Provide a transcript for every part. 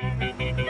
Thank you.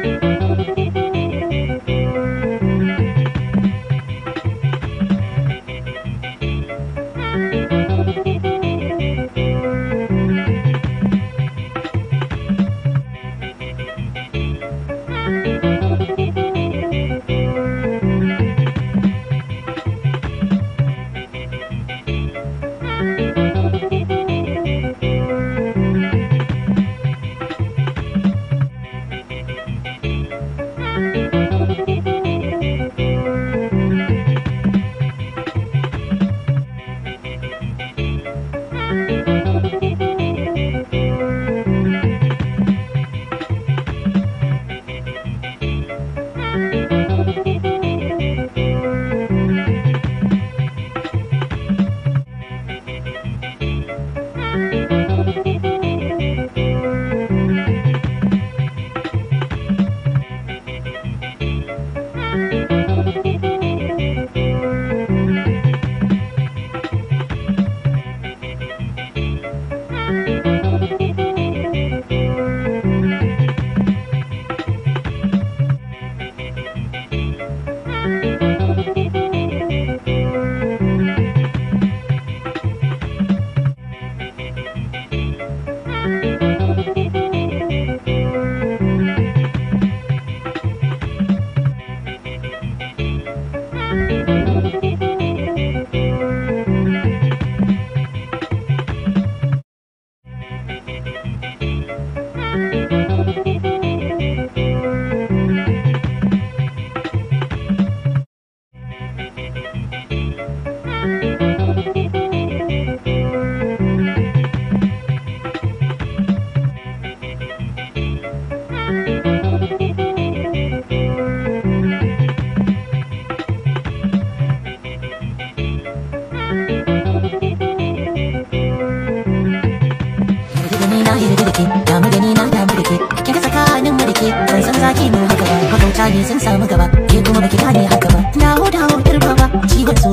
thank you thank you Música zaki san zaki mu haka ba haka wuta ne sun samu gaba ke kuma baki ne haka ba na huda hutar baba ciwon so